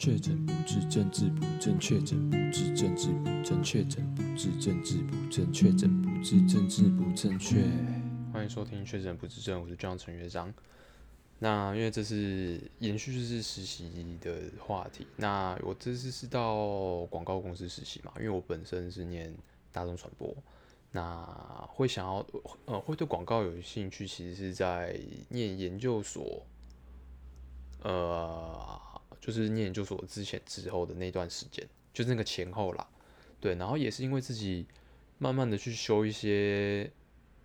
確診不治，政治不正確；確診不治，政治不正確；確診不治，政治不正確；確診不治，政治不正確。確正確，歡迎收聽確診不治症，我是姜陳月章。那因為這是延續，這是實習的話題。那我這次是到廣告公司實習嘛？因為我本身是念大眾傳播，那會想要呃，會對廣告有興趣，其實是在念研究所，呃。就是念研究所之前之後的那段時間，就是那個前後啦，對，然後也是因為自己慢慢的去修一些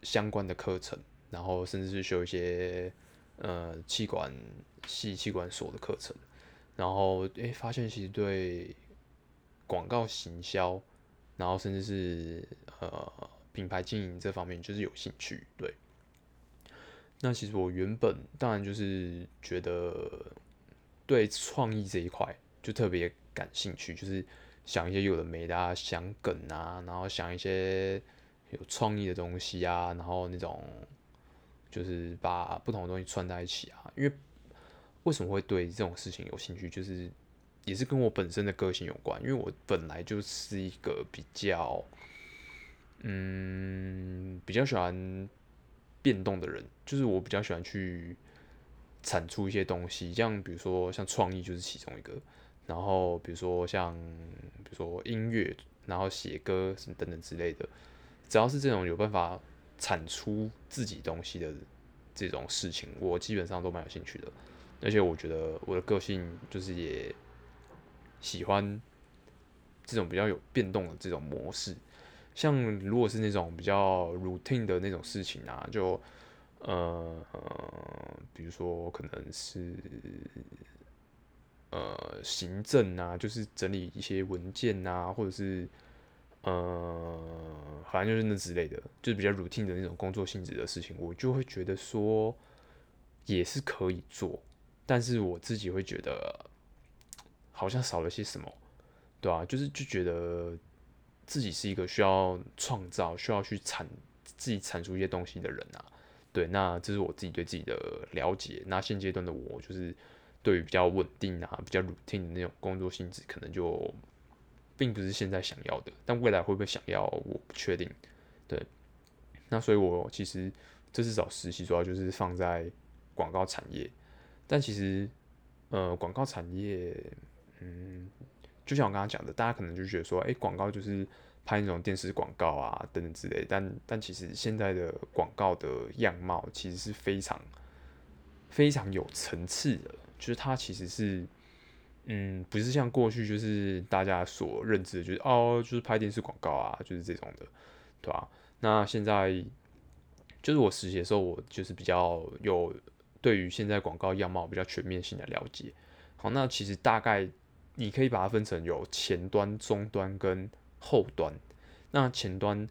相關的課程，然後甚至是修一些呃企管系企管所的課程，然後誒，發現其實對廣告行銷，然後甚至是呃品牌經營這方面就是有興趣，對。那其實我原本當然就是覺得。對創意這一塊就特別感興趣，就是想一些有的沒的啊，想梗啊，然後想一些有創意的東西啊，然後那種就是把不同的東西串在一起啊。因為為什麼會對這種事情有興趣，就是也是跟我本身的個性有關，因為我本來就是一個比較嗯比較喜歡變動的人，就是我比較喜歡去。產出一些東西，像比如說像創意就是其中一個，然後比如說像比如說音樂，然後寫歌什麼等等之類的，只要是這種有辦法產出自己東西的這種事情，我基本上都蠻有興趣的。而且我覺得我的個性就是也喜歡這種比較有變動的這種模式，像如果是那種比較 routine 的那種事情啊，就。呃、呃比如說可能是呃行政啊，就是整理一些文件吶、啊，或者是呃，反正就是那之類的，就是比較 routine 的那種工作性質的事情，我就會覺得說也是可以做，但是我自己會覺得好像少了些什麼，對啊，就是就覺得自己是一個需要創造、需要去產自己產出一些東西的人啊。對，那這是我自己對自己的了解。那現階段的我，就是對於比較穩定啊、比較 routine 的那種工作性質，可能就並不是現在想要的。但未來會不會想要，我不確定。對，那所以我其實這次找實習，主要就是放在廣告產業。但其實，呃，廣告產業，嗯，就像我剛剛講的，大家可能就覺得說，欸，廣告就是。拍那種電視廣告啊，等等之類。但但其實現在的廣告的樣貌其實是非常非常有層次的，就是它其實是嗯，不是像過去就是大家所認知的，就是哦，就是拍電視廣告啊，就是這種的，對吧？啊。那現在就是我實習的時候，我就是比較有對於現在廣告樣貌比較全面性的了解。好，那其實大概你可以把它分成有前端、中端跟後端，那前端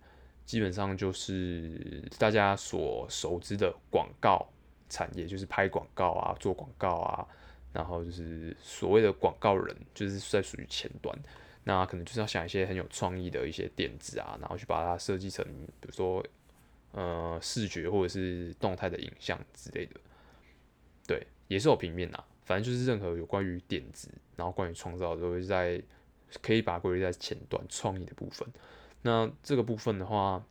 基本上就是大家所熟知的廣告產業，就是拍廣告啊，做廣告啊，然後就是所謂的廣告人，就是在屬於前端。那可能就是要想一些很有創意的一些點子啊，然後去把它設計成，比如說，呃，視覺或者是動態的影像之類的。對，也是有平面啊，反正就是任何有關於點子，然後關於創造都會在。可以把它歸類在前端創意的部分。那這個部分的話，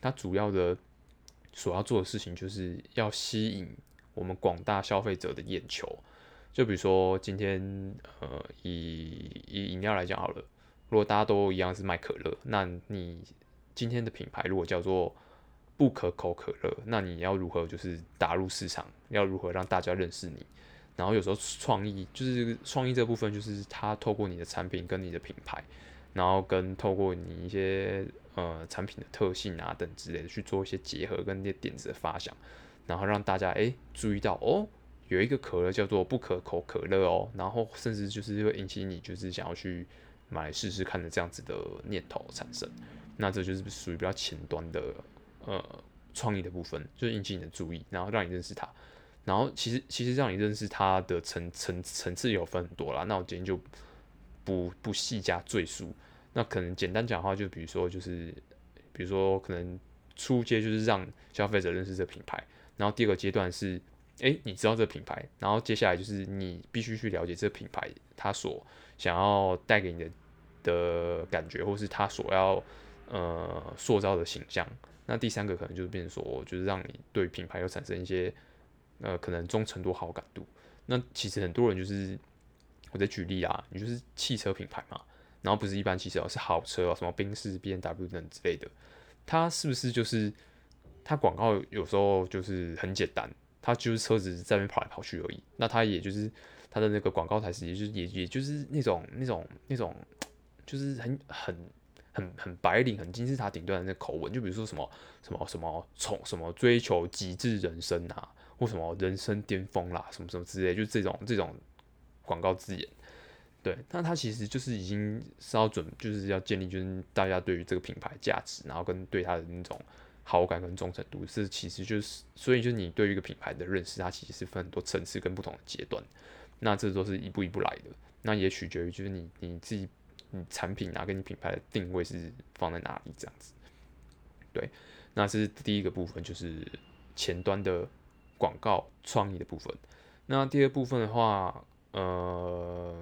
它主要的所要做的事情，就是要吸引我們廣大消費者的眼球。就比如說今天，呃，以以飲料來講好了，如果大家都一樣是賣可樂，那你今天的品牌如果叫做不可口可樂，那你要如何就是打入市場？要如何讓大家認識你？然後有時候創意就是創意這部分，就是它透過你的產品跟你的品牌，然後跟透過你一些呃產品的特性啊等之類的去做一些結合，跟一些點子的發想，然後讓大家哎注意到哦，有一個可樂叫做不可口可樂哦，然後甚至就是會引起你就是想要去買來試試看的這樣子的念頭產生。那這就是屬於比較前端的呃創意的部分，就是引起你的注意，然後讓你認識它。然後其實其實讓你認識它的層層層次有分很多啦，那我今天就不不細加贅述。那可能簡單講的話，就比如說就是比如說可能初階就是讓消費者認識這品牌，然後第二個階段是，哎，你知道這品牌，然後接下來就是你必須去了解這品牌它所想要帶給你的的感覺，或是它所要，呃，塑造的形象。那第三個可能就是變成說就是讓你對品牌有產生一些。呃，可能忠誠度、好感度。那其實很多人就是，我在舉例啊，你就是汽車品牌嘛，然後不是一般汽車哦，是豪車啊，什麼賓士、BMW 等等之類的。它是不是就是它廣告，有時候就是很簡單，它就是車子在那邊跑來跑去而已。那它也就是它的那個廣告台詞，也就是也也就是那種那種那種，就是很很很很白領、很金字塔頂端的那個口吻。就比如說什麼什麼什麼從什麼追求極致人生啊，或什麼人生巔峰啦，什麼什麼之類，就這種這種廣告字眼，對，那它其實就是已經稍準，就是要建立就是大家對於這個品牌價值，然後跟對它的那種好感跟忠誠度，這其實就是，所以就是你對於一個品牌的認識，它其實是分很多層次跟不同的階段，那這都是一步一步來的，那也取決於就是你你自己，你產品啊跟你品牌的定位是放在哪裡這樣子，對，那這是第一個部分，就是前端的。廣告創意的部分，那第二部分的話，呃，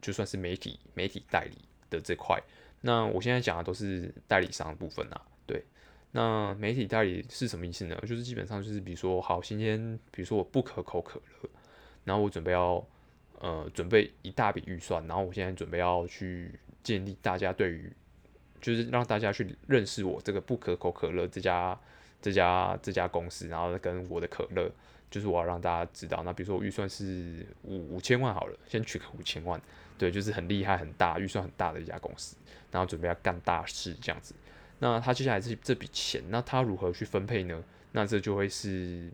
就算是媒體媒體代理的這塊，那我現在講的都是代理商的部分啊。對，那媒體代理是什麼意思呢？就是基本上就是比如說，好，今天比如說我不可口可樂，然後我準備要呃準備一大筆預算，然後我現在準備要去建立大家對於，就是讓大家去認識我這個不可口可樂這家。這家這家公司，然後跟我的可樂，就是我要讓大家知道。那比如說我預算是五五千萬好了，先取個五千萬，對，就是很厲害很大預算很大的一家公司，然後準備要幹大事這樣子。那他接下來這這筆錢，那他如何去分配呢？那這就會是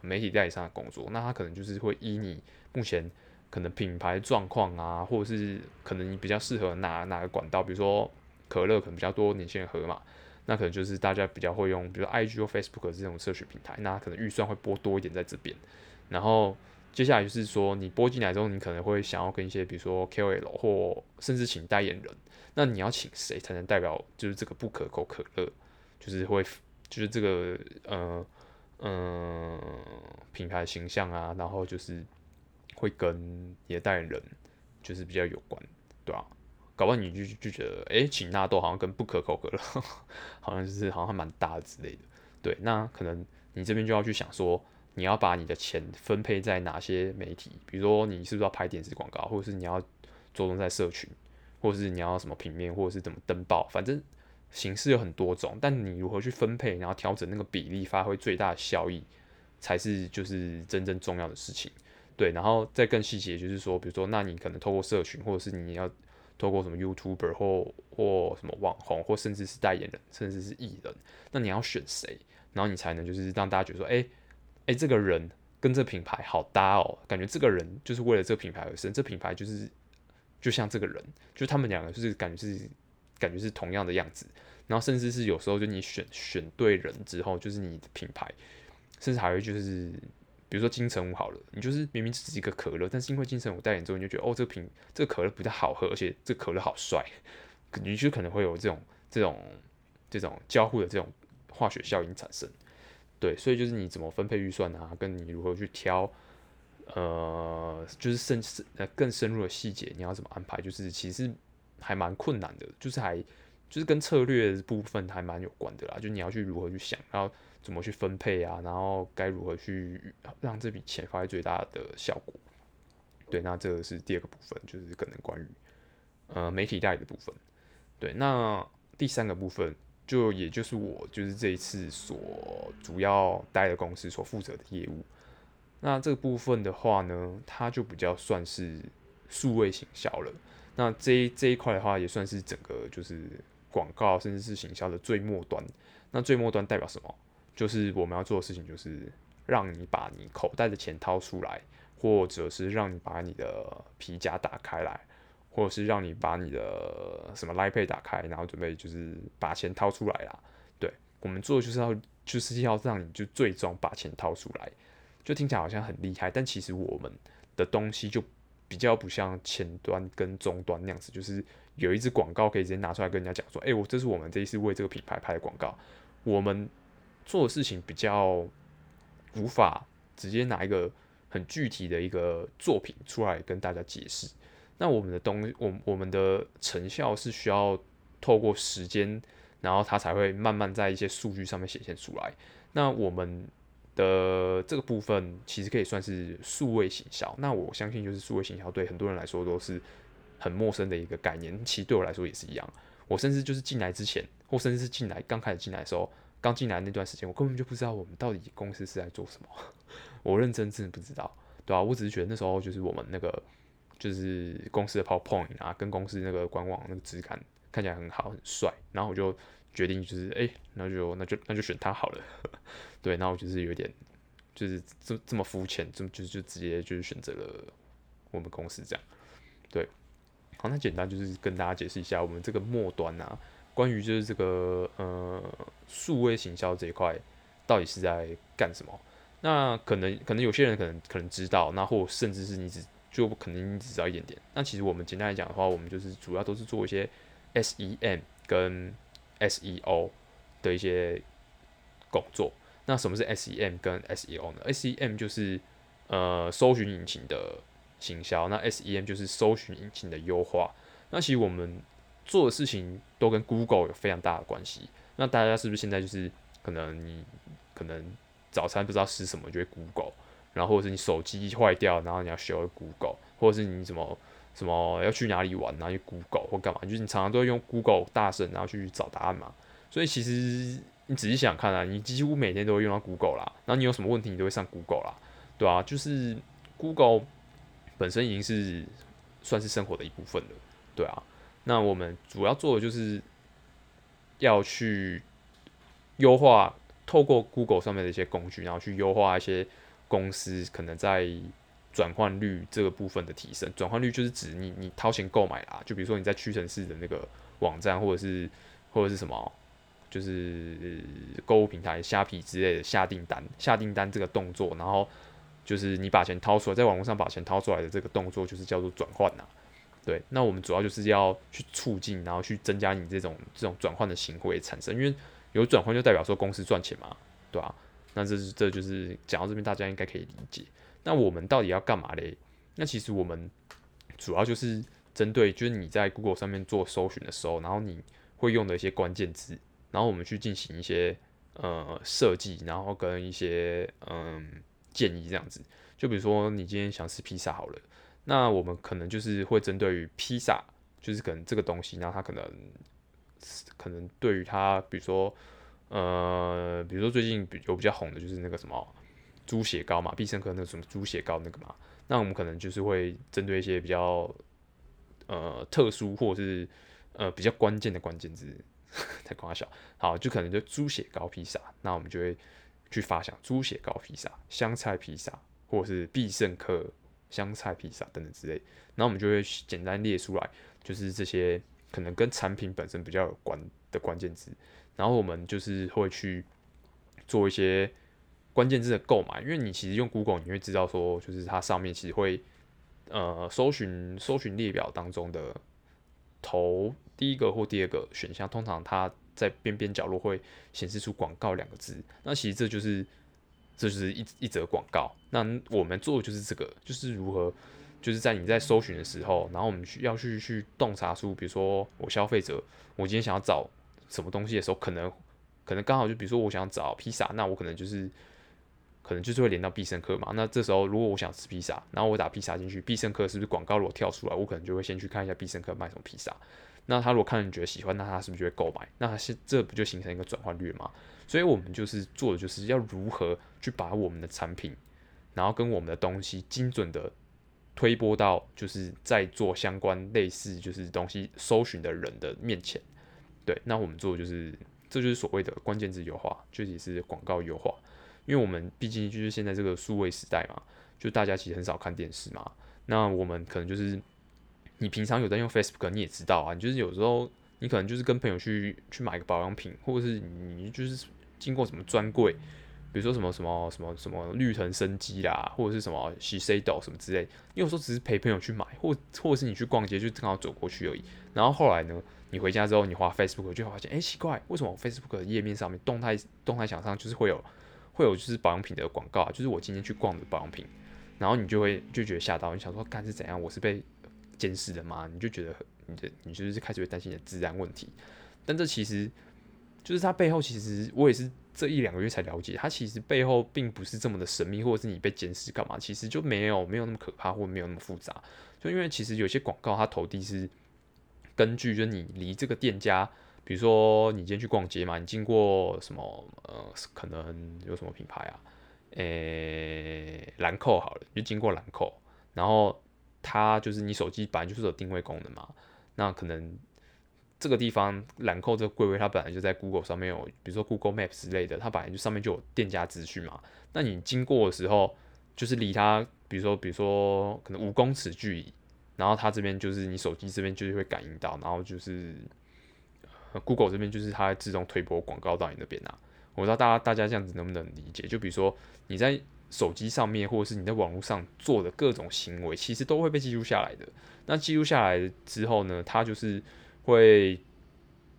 媒體代理商的工作。那他可能就是會依你目前可能品牌狀況啊，或者是可能你比較適合哪哪個管道，比如說可樂可能比較多年輕人喝嘛。那可能就是大家比較會用，比如說 IG 或 Facebook 這種社群平台，那可能預算會撥多一點在這邊。然後接下來就是說，你撥進來之後，你可能會想要跟一些，比如說 KOL 或甚至請代言人。那你要請誰才能代表就是這個不可口可樂，就是會就是這個呃嗯、呃、品牌形象啊，然後就是會跟你的代言人就是比較有關，對吧、啊？要不你就就覺得，誒、欸，請納豆好像跟不可口可樂，呵呵，好像就是好像還蠻搭的之類的。對，那可能你這邊就要去想說，你要把你的錢分配在哪些媒體，比如說你是不是要拍電子廣告，或者是你要着重在社群，或者是你要什麼平面，或者是怎麼登報，反正形式有很多種。但你如何去分配，然後調整那個比例，發揮最大的效益，才是就是真正重要的事情。對，然後再更細節就是說，比如說，那你可能透過社群，或者是你要。透過什麼 YouTuber 或或什麼網紅，或甚至是代言人，甚至是藝人，那你要選誰，然後你才能就是讓大家覺得說，哎、欸、誒、欸，這個人跟這品牌好搭哦，感覺這個人就是為了這品牌而生，這品牌就是就像這個人，就他們兩個就是感覺是感覺是同樣的樣子，然後甚至是有時候就你選選對人之後，就是你的品牌，甚至還會就是。比如說金城武好了，你就是明明只是一個可樂，但是因為金城武代言之後，你就覺得哦，這個瓶這個可樂比較好喝，而且這個可樂好帥，你就可能會有這種這種這種交互的這種化學效應產生。對，所以就是你怎麼分配預算啊，跟你如何去挑，呃，就是深呃更深入的細節，你要怎麼安排，就是其實是還蠻困難的，就是還就是跟策略的部分還蠻有關的啦，就是你要去如何去想，然後。怎麼去分配啊？然後該如何去讓這筆錢發揮最大的效果？對，那這是第二個部分，就是可能關於呃媒體代理的部分。對，那第三個部分就也就是我就是這一次所主要待的公司所負責的業務。那這個部分的話呢，它就比較算是數位行銷了。那這這一塊的話，也算是整個就是廣告甚至是行銷的最末端。那最末端代表什麼？就是我們要做的事情，就是讓你把你口袋的錢掏出來，或者是讓你把你的皮夾打開來，或者是讓你把你的什麼 Line Pay 打開，然後準備就是把錢掏出來啦。對，我們做的就是要，就是要讓你就最終把錢掏出來。就聽起來好像很厲害，但其實我們的東西就比較不像前端跟終端那樣子，就是有一支廣告可以直接拿出來跟人家講說：“哎、欸，我這是我們這一次為這個品牌拍的廣告。”我們。做的事情比較無法直接拿一個很具體的一個作品出來跟大家解釋。那我們的東，我我們的成效是需要透過時間，然後它才會慢慢在一些數據上面顯現出來。那我們的這個部分其實可以算是數位行銷。那我相信，就是數位行銷對很多人來說都是很陌生的一個概念。其實對我來說也是一樣。我甚至就是進來之前，或甚至是進來剛開始進來的時候。剛進來那段時間，我根本就不知道我們到底公司是在做什麼， 我認真真的不知道，對啊。我只是覺得那時候就是我們那個就是公司的 PowerPoint 啊，跟公司那個官網那個質感看起來很好，很帥，然後我就決定就是哎、欸，那就那就那就選它好了， 對，那我就是有點就是這這麼膚淺，就就就直接就是選擇了我們公司這樣，對，好，那簡單就是跟大家解釋一下我們這個末端啊。關於就是這個呃數位行銷這一塊，到底是在幹什麼？那可能可能有些人可能可能知道，那或甚至是你只就可能你只知道一點點。那其實我們簡單來講的話，我們就是主要都是做一些 SEM 跟 SEO 的一些工作。那什麼是 SEM 跟 SEO 呢？SEM 就是呃搜尋引擎的行銷，那 SEM 就是搜尋引擎的優化。那其實我們做的事情都跟 Google 有非常大的關係。那大家是不是現在就是可能你可能早餐不知道吃什麼，就會 Google，然後或者是你手機壞掉，然後你要學會 Google，或者是你什麼什麼要去哪裡玩，然後去 Google 或幹嘛，就是你常常都會用 Google 大神，然後去找答案嘛。所以其實你仔細想看啊，你幾乎每天都會用到 Google 啦，然後你有什麼問題，你都會上 Google 啦。對啊，就是 Google 本身已經是算是生活的一部分了，對啊。那我們主要做的就是要去優化，透過 Google 上面的一些工具，然後去優化一些公司可能在轉換率這個部分的提升。轉換率就是指你你掏錢購買啦，就比如說你在屈臣氏的那個網站，或者是或者是什麼，就是購物平台蝦皮之類的下訂單，下訂單這個動作，然後就是你把錢掏出來，在網絡上把錢掏出來的這個動作，就是叫做轉換啦。對，那我們主要就是要去促進，然後去增加你這種這種轉換的行為產生，因為有轉換就代表說公司賺錢嘛，對吧、啊？那這是這就是講到這邊，大家應該可以理解。那我們到底要幹嘛嘞？那其實我們主要就是針對，就是你在 Google 上面做搜尋的時候，然後你會用的一些關鍵字，然後我們去進行一些呃設計，然後跟一些嗯、呃、建議這樣子。就比如說，你今天想吃披薩好了。那我們可能就是會針對於披薩，就是可能這個東西，然後它可能，可能對於它，比如說，呃，比如說最近有比較紅的就是那個什麼豬血糕嘛，必勝客那個什麼豬血糕那個嘛，那我們可能就是會針對一些比較，呃，特殊或者是呃比較關鍵的關鍵字，呵呵太搞笑，好，就可能就豬血糕披薩，那我們就會去發想豬血糕披薩、香菜披薩或者是必勝客香菜披薩等等之類，那我們就會簡單列出來，就是這些可能跟產品本身比較有關的關鍵字，然後我們就是會去做一些關鍵字的購買，因為你其實用 Google 你會知道說，就是它上面其實會呃搜尋搜尋列表當中的頭第一個或第二個選項，通常它在邊邊角落會顯示出廣告兩個字。那其實這就是。這就是一一則廣告。那我們做的就是這個，就是如何，就是在你在搜尋的時候，然後我們需要去去洞察出，比如說我消費者，我今天想要找什麼東西的時候，可能可能剛好就比如說我想找披薩，那我可能就是可能就是會連到必勝客嘛。那這時候如果我想吃披薩，然後我打披薩進去，必勝客是不是廣告如果跳出來，我可能就會先去看一下必勝客賣什麼披薩。那他如果看了你覺得喜歡，那他是不是就會購買？那現這不就形成一個轉換率嗎？所以我們就是做的，就是要如何去把我們的產品，然後跟我們的東西精準的推播到就是在做相關類似就是東西搜尋的人的面前。對，那我們做的就是這就是所謂的關鍵字優化，具體是廣告優化，因為我們畢竟就是現在這個數位時代嘛，就大家其實很少看電視嘛，那我們可能就是。你平常有在用 Facebook，你也知道啊，你就是有時候你可能就是跟朋友去去買個保養品，或者是你，你就是經過什麼專櫃，比如說什麼什麼什麼什麼，什麼綠藤生機啦，或者是什麼 Shiseido 什麼之類。你有時候只是陪朋友去買，或或者是你去逛街就正好走過去而已。然後後來呢，你回家之後，你滑 Facebook 就會發現，哎、欸，奇怪，為什麼 Facebook 的頁面上面動態動態牆上就是會有會有就是保養品的廣告啊？就是我今天去逛的保養品。然後你就會就覺得嚇到，你想說，幹是怎樣？我是被監視的嘛，你就覺得，你的你就是開始會擔心你的資安問題。但這其實就是它背後，其實我也是這一兩個月才了解，它其實背後並不是這麼的神秘，或者是你被監視幹嘛，其實就沒有沒有那麼可怕，或沒有那麼複雜，就因為其實有些廣告它投遞是根據，就是你離這個店家，比如說你今天去逛街嘛，你經過什麼呃，可能有什麼品牌啊，誒、欸，蘭蔻好了，你就經過蘭蔻，然後。它就是你手機本來就是有定位功能嘛，那可能這個地方蘭蔻這個櫃位它本來就在 Google 上面有，比如說 Google Maps 之類的，它本來就上面就有店家資訊嘛。那你經過的時候，就是離它，比如說比如說可能五公尺距離，然後它這邊就是你手機這邊就是會感應到，然後就是 Google 這邊就是它自動推播廣告到你那邊啊。我不知道大家大家這樣子能不能理解？就比如說你在，手機上面，或者是你在網絡上做的各種行為，其實都會被記錄下來的。那記錄下來之後呢，它就是會，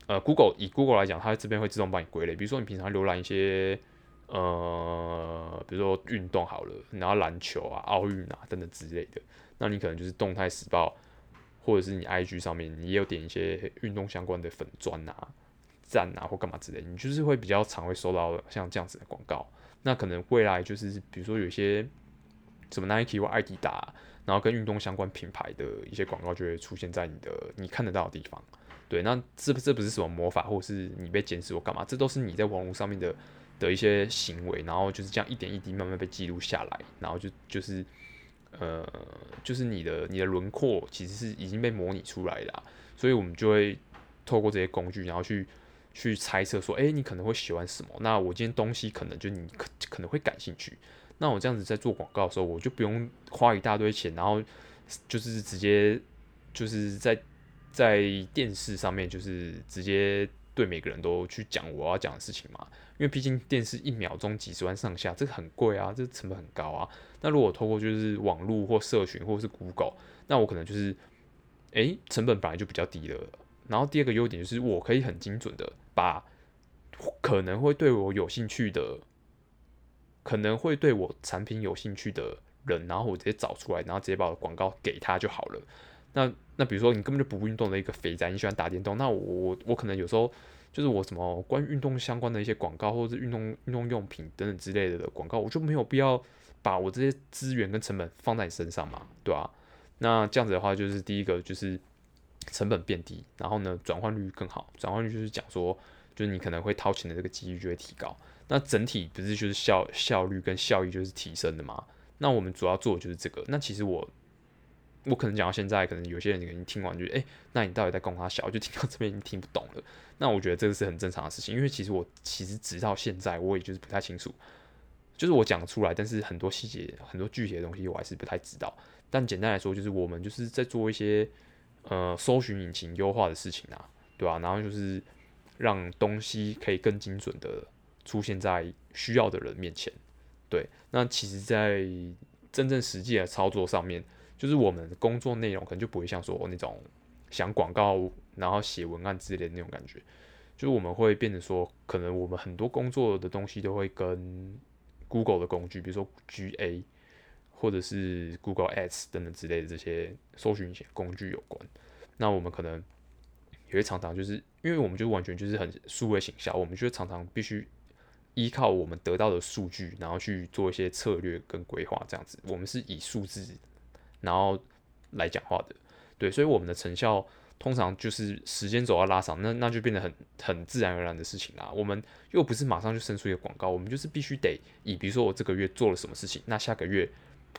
呃，Google 以 Google 來講，它這邊會自動幫你歸類。比如說你平常瀏覽一些，呃，比如說運動好了，然後籃球啊、奧運啊等等之類的，那你可能就是動態時報，或者是你 IG 上面你也有點一些運動相關的粉專啊、讚啊或幹嘛之類，你就是會比較常會收到像這樣子的廣告。那可能未來就是，比如說有些什麼 Nike 或艾迪達然後跟運動相關品牌的一些廣告就會出現在你的你看得到的地方。對，那這這不是什麼魔法，或者是你被監視或幹嘛，這都是你在網絡上面的的一些行為，然後就是這樣一點一滴慢慢被記錄下來，然後就就是呃，就是你的你的輪廓其實是已經被模擬出來了、啊，所以我們就會透過這些工具，然後去去猜測說，誒，你可能會喜歡什麼？那我今天東西可能就你可。可能會感興趣，那我這樣子在做廣告的時候，我就不用花一大堆錢，然後就是直接就是在在電視上面，就是直接對每個人都去講我要講的事情嘛。因為畢竟電視一秒鐘幾十萬上下，這個很貴啊，這成本很高啊。那如果透過就是網絡或社群或者是 Google，那我可能就是誒成本本來就比較低了。然後第二個優點就是我可以很精準的把可能會對我有興趣的可能會對我產品有興趣的人，然後我直接找出來，然後直接把我的廣告給他就好了。那那比如說你根本就不運動的一個肥宅，你喜歡打電動，那我我我可能有時候就是我什麼關於運動相關的一些廣告，或者是運動運動用品等等之類的的廣告，我就沒有必要把我這些資源跟成本放在你身上嘛，對吧、啊？那這樣子的話，就是第一個就是成本變低，然後呢轉換率更好。轉換率就是講說，就是你可能會掏錢的這個幾率就會提高。那整體不是就是效效率跟效益就是提升的嗎？那我們主要做的就是這個。那其實我我可能講到現在，可能有些人已經聽完就，就、欸、誒，那你到底在講三小，就聽到這邊已經聽不懂了。那我覺得這個是很正常的事情，因為其實我其實直到現在，我也就是不太清楚，就是我講出來，但是很多細節、很多具體的東西我還是不太知道。但簡單來說，就是我們就是在做一些呃，搜尋引擎優化的事情啊，對吧、啊？然後就是讓東西可以更精準的出現在需要的人面前，對，那其實，在真正實際的操作上面，就是我們的工作內容可能就不會像說那種想廣告，然後寫文案之類的那種感覺，就是我們會變成說，可能我們很多工作的東西都會跟 Google 的工具，比如說 GA，或者是 Google Ads 等等之類的這些搜尋一些工具有關。那我們可能也會常常就是，因為我們就完全就是很數位行銷，我們就常常必須。依靠我們得到的數據，然後去做一些策略跟規劃，這樣子，我們是以數字，然後來講話的，對，所以我們的成效通常就是時間走到拉長，那那就變得很很自然而然的事情啦。我們又不是馬上就生出一個廣告，我們就是必須得以，比如說我這個月做了什麼事情，那下個月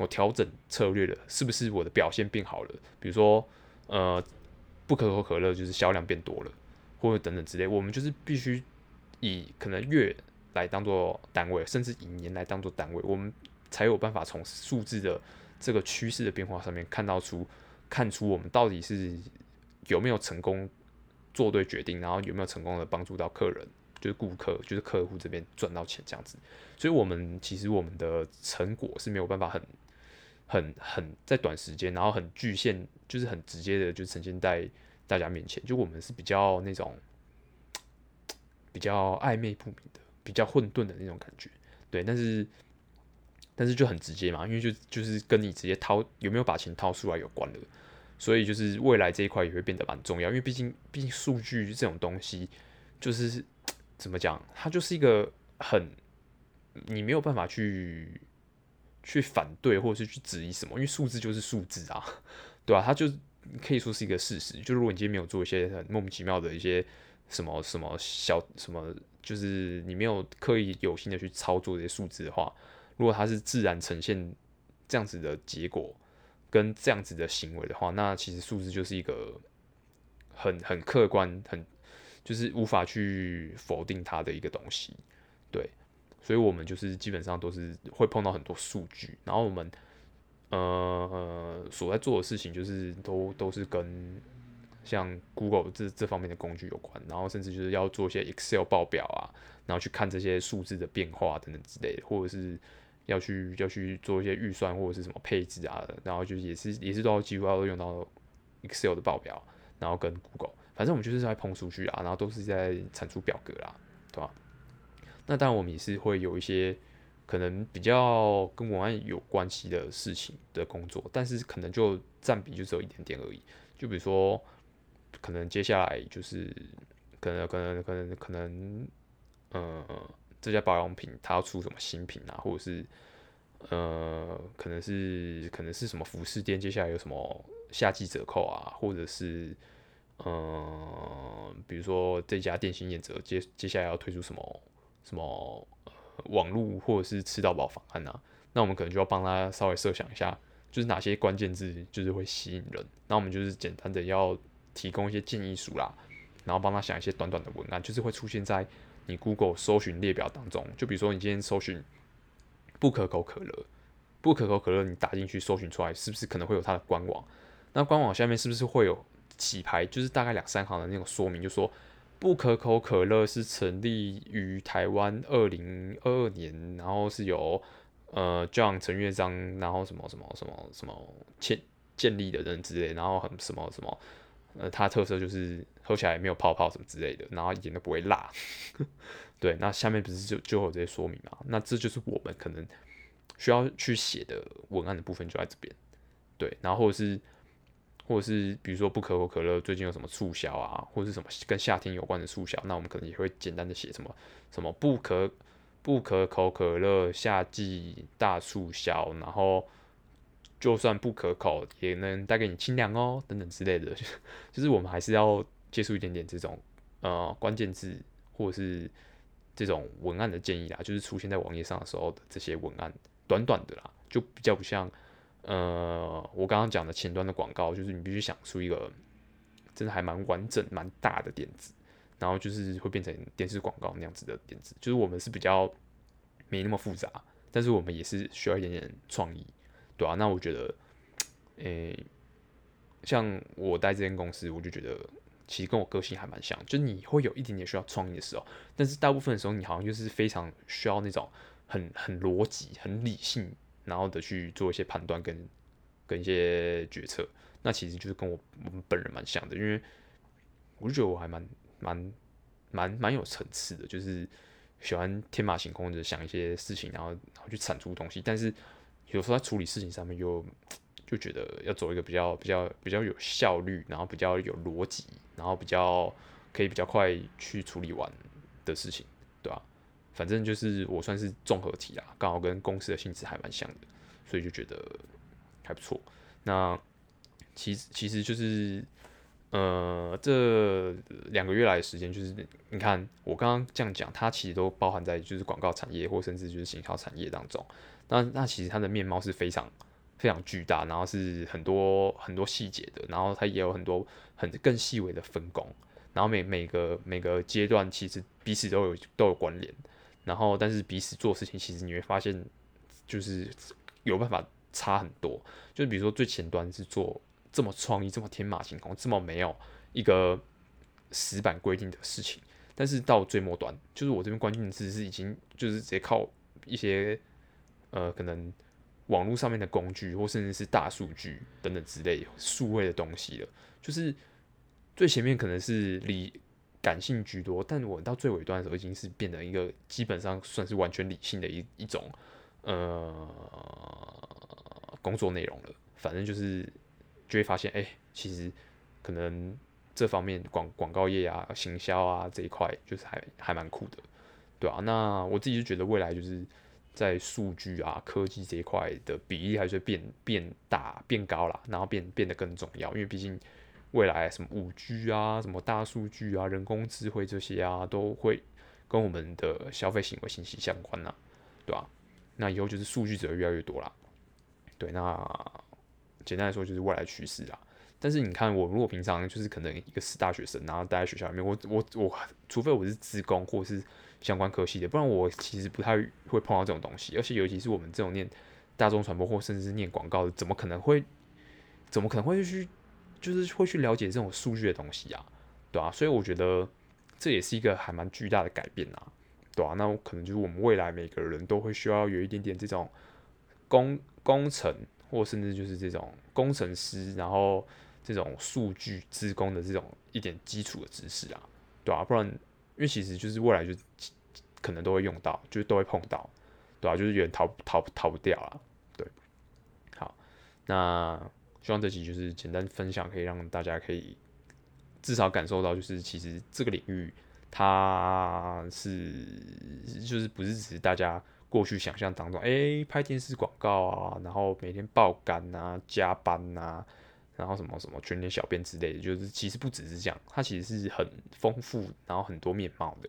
我調整策略了，是不是我的表現變好了？比如說，呃，不可口可樂就是銷量變多了，或者等等之類，我們就是必須以可能月。來當做單位，甚至一年來當做單位，我們才有辦法從數字的這個趨勢的變化上面看到出，看出我們到底是有沒有成功做對決定，然後有沒有成功的幫助到客人，就是顧客，就是客戶這邊賺到錢這樣子。所以我們其實我們的成果是沒有辦法很、很、很在短時間，然後很局限，就是很直接的就呈現在大家面前。就我們是比較那種比較曖昧不明的。比較混沌的那種感覺，對，但是但是就很直接嘛，因為就就是跟你直接掏有沒有把錢掏出來有關的，所以就是未來這一塊也會變得蠻重要，因為畢竟畢竟數據這種東西就是怎麼講，它就是一個很你沒有辦法去去反對或者是去質疑什麼，因為數字就是數字啊，對啊？它就可以說是一個事實，就如果你今天沒有做一些很莫名其妙的一些。什麼什麼小什麼，就是你沒有刻意有心的去操作這些數字的話，如果它是自然呈現這樣子的結果，跟這樣子的行為的話，那其實數字就是一個很很客觀，很就是無法去否定它的一個東西。對，所以我們就是基本上都是會碰到很多數據，然後我們呃，呃所在做的事情就是都都是跟。像 Google 這這方面的工具有關，然後甚至就是要做一些 Excel 報表啊，然後去看這些數字的變化等等之類的，或者是要去要去做一些預算或者是什麼配置啊的，然後就是也是也是都要幾乎要用到 Excel 的報表，然後跟 Google，反正我們就是在碰數據啊，然後都是在產出表格啦，對吧？那當然我們也是會有一些可能比較跟文案有關係的事情的工作，但是可能就佔比就只有一點點而已，就比如說。可能接下來就是可能可能可能可能，嗯、呃，這家保養品它要出什麼新品啊，或者是呃，可能是可能是什麼服飾店接下來有什麼夏季折扣啊，或者是呃，比如說這家電信業者接接下來要推出什麼什麼網絡或者是吃到飽方案吶、啊，那我們可能就要幫他稍微設想一下，就是哪些關鍵字就是會吸引人，那我們就是簡單的要提供一些建議書啦，然後幫他想一些短短的文案，就是會出現在你 Google 搜尋列表當中。就比如說，你今天搜尋“不可口可樂”，“不可口可樂”，你打進去搜尋出來，是不是可能會有它的官網？那官網下面是不是會有幾排，就是大概兩三行的那種說明，就說“不可口可樂”是成立於台灣二零二二年，然後是由呃張陳月章然後什麼什麼什麼什麼建建立的人之類，然後很什麼什麼。呃，它特色就是喝起來也沒有泡泡什麼之類的，然後一點都不會辣。 對，那下面不是就就會有這些說明嘛？那這就是我們可能需要去寫的文案的部分就在這邊。對，然後或者是或者是比如說，不可口可樂最近有什麼促銷啊，或者是什麼跟夏天有關的促銷，那我們可能也會簡單的寫什麼什麼不可不可口可樂夏季大促銷，然後。就算不可口，也能帶給你清涼哦，等等之類的， 就是我們還是要接觸一點點這種呃關鍵字，或者是這種文案的建議啦，就是出現在網頁上的時候的這些文案，短短的啦，就比較不像呃我剛剛講的前端的廣告，就是你必須想出一個真的還蠻完整、蠻大的點子，然後就是會變成電視廣告那樣子的點子，就是我們是比較沒那麼複雜，但是我們也是需要一點點創意。對啊，那我覺得，誒，像我待這間公司，我就覺得其實跟我個性還蠻像。就你會有一點點需要創意的時候，但是大部分的時候，你好像就是非常需要那種很很邏輯、很理性，然後的去做一些判斷跟跟一些決策。那其實就是跟我我們本人蠻像的，因為我就覺得我還蠻蠻蠻蠻，蠻有層次的，就是喜歡天馬行空的想一些事情，然後然後去產出東西，但是。有時候在處理事情上面又，又就覺得要走一個比較、比較、比較有效率，然後比較有邏輯，然後比較可以比較快去處理完的事情，對吧，啊？反正就是我算是綜合體啦，剛好跟公司的性質還蠻像的，所以就覺得還不錯。那其實，其實就是。呃，這兩個月來的時間，就是你看我剛剛這樣講，它其實都包含在就是廣告產業或甚至就是行銷產業當中。那那其實它的面貌是非常非常巨大，然後是很多很多細節的，然後它也有很多很更細微的分工，然後每每個每個階段其實彼此都有都有關聯，然後但是彼此做事情，其實你會發現就是有辦法差很多，就是比如說最前端是做。這麼創意，這麼天馬行空，這麼沒有一個死板規定的事情，但是到最末端，就是我這邊關鍵字是已經就是直接靠一些呃可能網絡上面的工具，或甚至是大數據等等之類數位的東西了。就是最前面可能是理感性居多，但我到最尾端的時候已經是變成一個基本上算是完全理性的一一種呃工作內容了，反正就是。就會發現，哎、欸，其實可能這方面廣廣告業啊、行銷啊這一塊，就是還還蠻酷的，對啊，那我自己就覺得未來就是在數據啊、科技這一塊的比例還是會變變大、變高了，然後變變得更重要，因為畢竟未來什麼五 G 啊、什麼大數據啊、人工智慧這些啊，都會跟我們的消費行為息息相關吶，對吧、啊？那以後就是數據只會越來越多了，對，那。簡單來說就是未來趨勢啊，但是你看我如果平常就是可能一個師大學生啊，然後待在學校裡面，我我我除非我是職工或是相關科系的，不然我其實不太會碰到這種東西。而且尤其是我們這種唸大眾傳播或甚至是唸廣告的，怎麼可能會怎麼可能會去就是會去了解這種數據的東西啊？對啊，所以我覺得這也是一個還蠻巨大的改變啊，對啊，那我可能就是我們未來每個人都會需要有一點點這種工工程。或甚至就是這種工程師，然後這種數據職工的這種一點基礎的知識啊，對啊，不然，因為其實就是未來就可能都會用到，就都會碰到，對啊，就是有點逃逃逃不掉啊，對。好，那希望這集就是簡單分享，可以讓大家可以至少感受到，就是其實這個領域它是就是不是只是大家。過去想象當中，誒、欸，拍電視廣告啊，然後每天爆肝啊，加班啊，然後什麼什麼全點小編之類的，就是其實不只是這樣，它其實是很豐富，然後很多面貌的，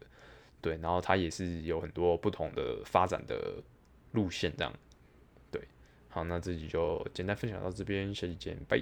對，然後它也是有很多不同的發展的路線，這樣，對，好，那這集就簡單分享到這邊，下集見，拜。